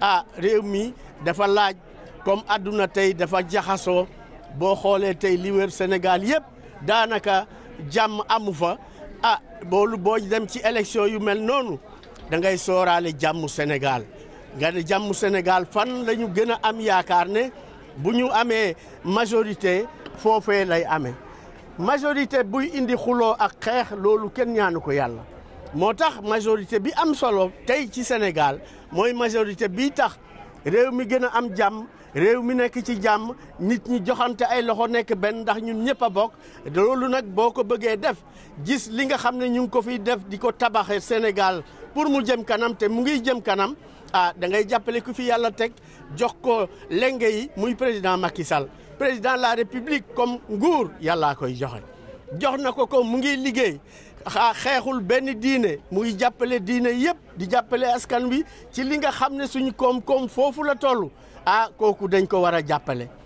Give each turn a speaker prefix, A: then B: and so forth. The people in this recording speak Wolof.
A: ah réew mi dafa laaj comme àdduna tey dafa jaxasoo boo xoolee tey li senegaal Sénégal yëpp daanaka jàmm amu fa ah, boolu boo dem ci élection yu mel noonu da ngay sooraale jàmmu Sénégal nga ne jàmmu Sénégal fan la ñu gën a am yaakaar ne bu ñu amee majorité foofee lay ame majorité buy indi xuloo ak xeex kenn ñaanu ko yàlla moo tax majorité bi am solo tey ci Sénégal mooy majorité bi tax réew mi gën a am jàmm réew mi nekk ci jàmm nit ñi joxante ay loxo nekk benn ndax ñun ñëpp a bokk loolu nag boo ko bëggee def gis li nga xam ne ñu ko fi def di ko tabaxe Sénégal pour mu jëm kanam te mu ngi jëm kanam ah da ngay jàppale ku fi yàlla teg jox ko lenge muy président Macky Sall président la République comme nguur yàllaa koy joxe. jox na ko ko mu ngi liggéey xeexul benn diine mu ngi jàppale diine yëpp di jàppale askan wi ci li nga xam ne suñ koom-koom foofu la toll ah kooku dañ ko war a jàppale